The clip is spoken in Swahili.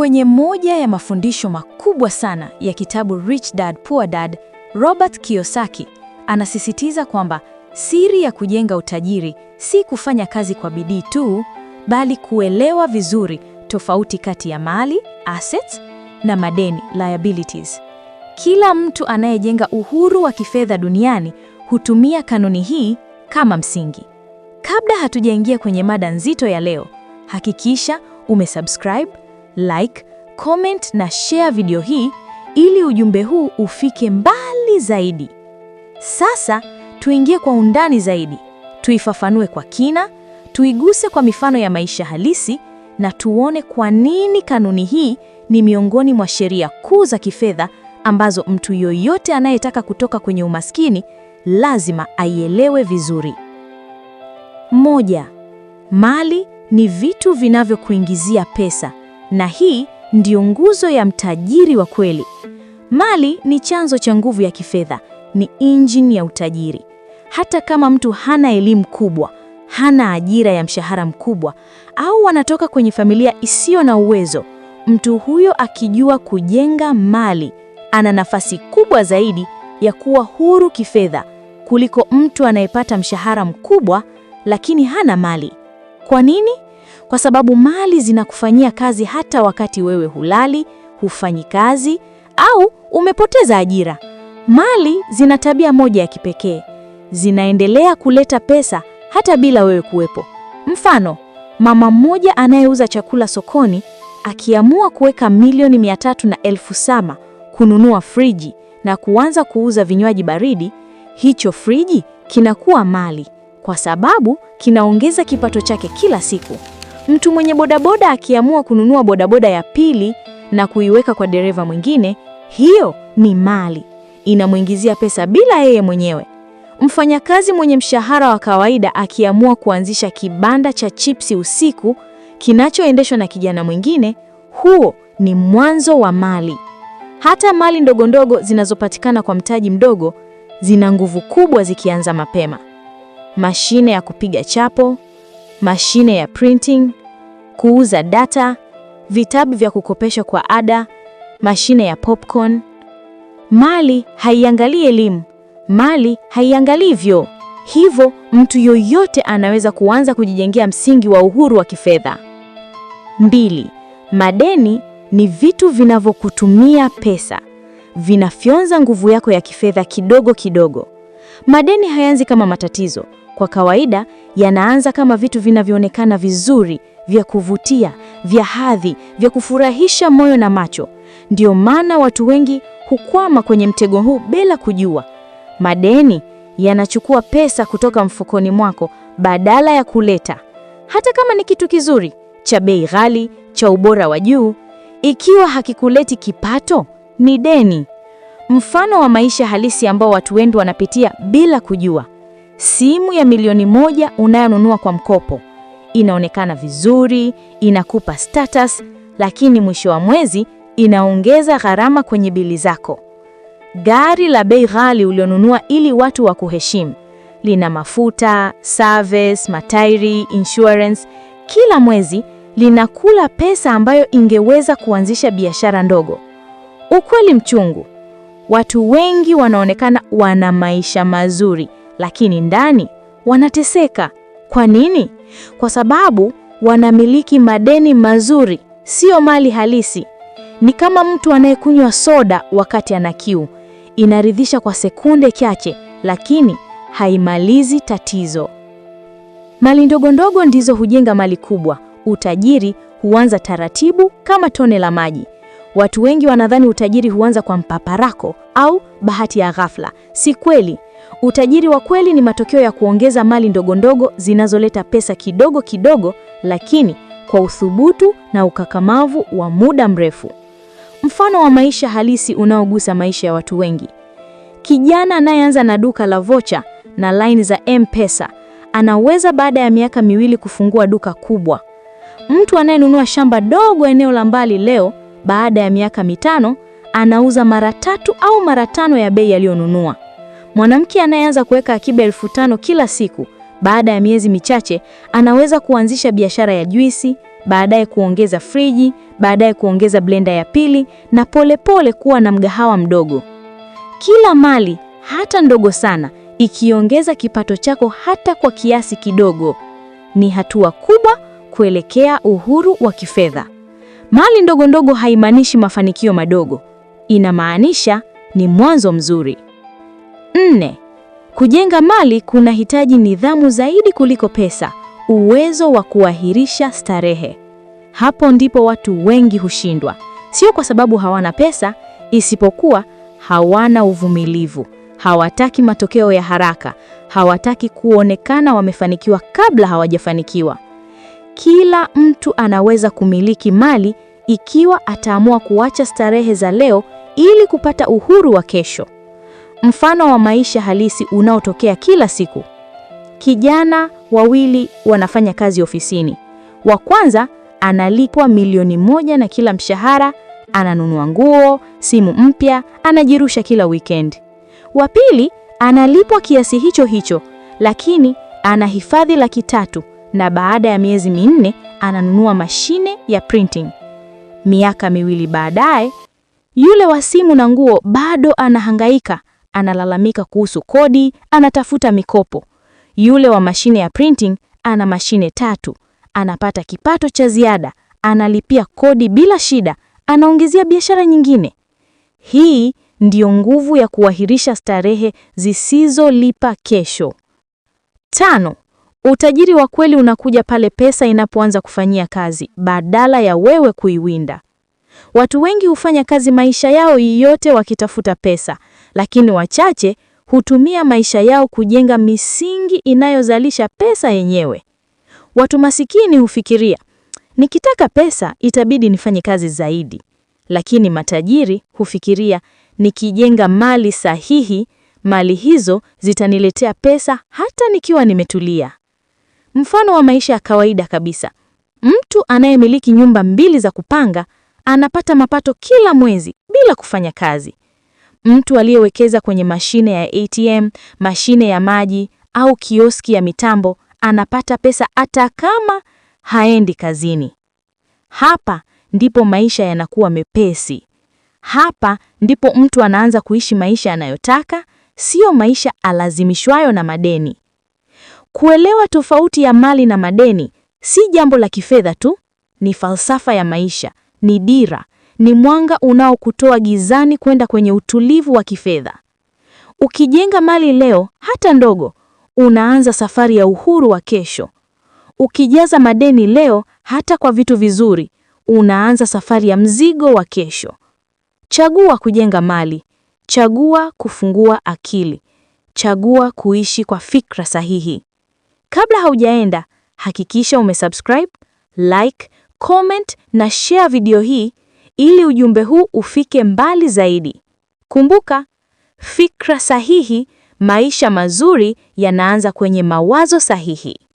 Kwenye moja ya mafundisho makubwa sana ya kitabu Rich Dad Poor Dad, Robert Kiyosaki anasisitiza kwamba siri ya kujenga utajiri si kufanya kazi kwa bidii tu, bali kuelewa vizuri tofauti kati ya mali assets na madeni liabilities. Kila mtu anayejenga uhuru wa kifedha duniani hutumia kanuni hii kama msingi. Kabla hatujaingia kwenye mada nzito ya leo, hakikisha umesubscribe like, comment na share video hii ili ujumbe huu ufike mbali zaidi. Sasa tuingie kwa undani zaidi, tuifafanue kwa kina, tuiguse kwa mifano ya maisha halisi na tuone kwa nini kanuni hii ni miongoni mwa sheria kuu za kifedha ambazo mtu yoyote anayetaka kutoka kwenye umaskini lazima aielewe vizuri. Moja, mali ni vitu vinavyokuingizia pesa na hii ndiyo nguzo ya mtajiri wa kweli. Mali ni chanzo cha nguvu ya kifedha, ni injini ya utajiri. Hata kama mtu hana elimu kubwa, hana ajira ya mshahara mkubwa, au anatoka kwenye familia isiyo na uwezo, mtu huyo akijua kujenga mali, ana nafasi kubwa zaidi ya kuwa huru kifedha kuliko mtu anayepata mshahara mkubwa lakini hana mali. Kwa nini? kwa sababu mali zinakufanyia kazi hata wakati wewe hulali, hufanyi kazi au umepoteza ajira. Mali zina tabia moja ya kipekee, zinaendelea kuleta pesa hata bila wewe kuwepo. Mfano, mama mmoja anayeuza chakula sokoni akiamua kuweka milioni mia tatu na elfu sama kununua friji na kuanza kuuza vinywaji baridi, hicho friji kinakuwa mali kwa sababu kinaongeza kipato chake kila siku. Mtu mwenye bodaboda akiamua kununua bodaboda ya pili na kuiweka kwa dereva mwingine, hiyo ni mali, inamwingizia pesa bila yeye mwenyewe. Mfanyakazi mwenye mshahara wa kawaida akiamua kuanzisha kibanda cha chipsi usiku kinachoendeshwa na kijana mwingine, huo ni mwanzo wa mali. Hata mali ndogo ndogo zinazopatikana kwa mtaji mdogo zina nguvu kubwa zikianza mapema. Mashine ya kupiga chapo mashine ya printing, kuuza data, vitabu vya kukopesha kwa ada, mashine ya popcorn. Mali haiangalii elimu, mali haiangalii vyo. Hivyo mtu yoyote anaweza kuanza kujijengea msingi wa uhuru wa kifedha. Mbili, madeni ni vitu vinavyokutumia pesa, vinafyonza nguvu yako ya kifedha kidogo kidogo. Madeni hayaanzi kama matatizo. Kwa kawaida yanaanza kama vitu vinavyoonekana vizuri, vya kuvutia, vya hadhi, vya kufurahisha moyo na macho. Ndio maana watu wengi hukwama kwenye mtego huu bila kujua. Madeni yanachukua pesa kutoka mfukoni mwako badala ya kuleta. Hata kama ni kitu kizuri, cha bei ghali, cha ubora wa juu, ikiwa hakikuleti kipato, ni deni. Mfano wa maisha halisi ambao watu wengi wanapitia bila kujua. Simu ya milioni moja unayonunua kwa mkopo inaonekana vizuri, inakupa status, lakini mwisho wa mwezi inaongeza gharama kwenye bili zako. Gari la bei ghali ulionunua ili watu wa kuheshimu lina mafuta, service, matairi, insurance. Kila mwezi linakula pesa ambayo ingeweza kuanzisha biashara ndogo. Ukweli mchungu Watu wengi wanaonekana wana maisha mazuri, lakini ndani wanateseka. Kwa nini? Kwa sababu wanamiliki madeni mazuri, sio mali halisi. Ni kama mtu anayekunywa soda wakati ana kiu. Inaridhisha kwa sekunde chache, lakini haimalizi tatizo. Mali ndogo ndogo ndizo hujenga mali kubwa. Utajiri huanza taratibu kama tone la maji. Watu wengi wanadhani utajiri huanza kwa mpaparako au bahati ya ghafla. Si kweli. Utajiri wa kweli ni matokeo ya kuongeza mali ndogo ndogo zinazoleta pesa kidogo kidogo, lakini kwa uthubutu na ukakamavu wa muda mrefu. Mfano wa maisha halisi unaogusa maisha ya watu wengi: kijana anayeanza na duka la vocha na laini za M-Pesa anaweza baada ya miaka miwili kufungua duka kubwa. Mtu anayenunua shamba dogo eneo la mbali leo baada ya miaka mitano anauza mara tatu au mara tano ya bei aliyonunua. Mwanamke anayeanza kuweka akiba elfu tano kila siku, baada ya miezi michache anaweza kuanzisha biashara ya juisi, baadaye kuongeza friji, baadaye kuongeza blenda ya pili na polepole pole kuwa na mgahawa mdogo. Kila mali hata ndogo sana ikiongeza kipato chako hata kwa kiasi kidogo, ni hatua kubwa kuelekea uhuru wa kifedha. Mali ndogo ndogo haimaanishi mafanikio madogo, inamaanisha ni mwanzo mzuri. Nne, kujenga mali kunahitaji nidhamu zaidi kuliko pesa, uwezo wa kuahirisha starehe. Hapo ndipo watu wengi hushindwa, sio kwa sababu hawana pesa, isipokuwa hawana uvumilivu. Hawataki matokeo ya haraka, hawataki kuonekana wamefanikiwa kabla hawajafanikiwa. Kila mtu anaweza kumiliki mali ikiwa ataamua kuacha starehe za leo ili kupata uhuru wa kesho. Mfano wa maisha halisi unaotokea kila siku. Kijana wawili wanafanya kazi ofisini. Wa kwanza analipwa milioni moja na kila mshahara, ananunua nguo, simu mpya, anajirusha kila weekend. Wa pili analipwa kiasi hicho hicho, lakini anahifadhi laki tatu na baada ya miezi minne ananunua mashine ya printing. Miaka miwili baadaye, yule wa simu na nguo bado anahangaika, analalamika kuhusu kodi, anatafuta mikopo. Yule wa mashine ya printing ana mashine tatu, anapata kipato cha ziada, analipia kodi bila shida, anaongezea biashara nyingine. Hii ndiyo nguvu ya kuahirisha starehe zisizolipa kesho. Tano, Utajiri wa kweli unakuja pale pesa inapoanza kufanyia kazi badala ya wewe kuiwinda. Watu wengi hufanya kazi maisha yao yote wakitafuta pesa, lakini wachache hutumia maisha yao kujenga misingi inayozalisha pesa yenyewe. Watu masikini hufikiria, nikitaka pesa itabidi nifanye kazi zaidi. Lakini matajiri hufikiria, nikijenga mali sahihi, mali hizo zitaniletea pesa hata nikiwa nimetulia. Mfano wa maisha ya kawaida kabisa, mtu anayemiliki nyumba mbili za kupanga anapata mapato kila mwezi bila kufanya kazi. Mtu aliyewekeza kwenye mashine ya ATM, mashine ya maji au kioski ya mitambo anapata pesa hata kama haendi kazini. Hapa ndipo maisha yanakuwa mepesi. Hapa ndipo mtu anaanza kuishi maisha anayotaka, siyo maisha alazimishwayo na madeni. Kuelewa tofauti ya mali na madeni si jambo la kifedha tu, ni falsafa ya maisha, ni dira, ni mwanga unaokutoa gizani kwenda kwenye utulivu wa kifedha. Ukijenga mali leo, hata ndogo, unaanza safari ya uhuru wa kesho. Ukijaza madeni leo, hata kwa vitu vizuri, unaanza safari ya mzigo wa kesho. Chagua kujenga mali, chagua kufungua akili, chagua kuishi kwa fikra sahihi. Kabla haujaenda, hakikisha umesubscribe, like, comment na share video hii ili ujumbe huu ufike mbali zaidi. Kumbuka, fikra sahihi, maisha mazuri yanaanza kwenye mawazo sahihi.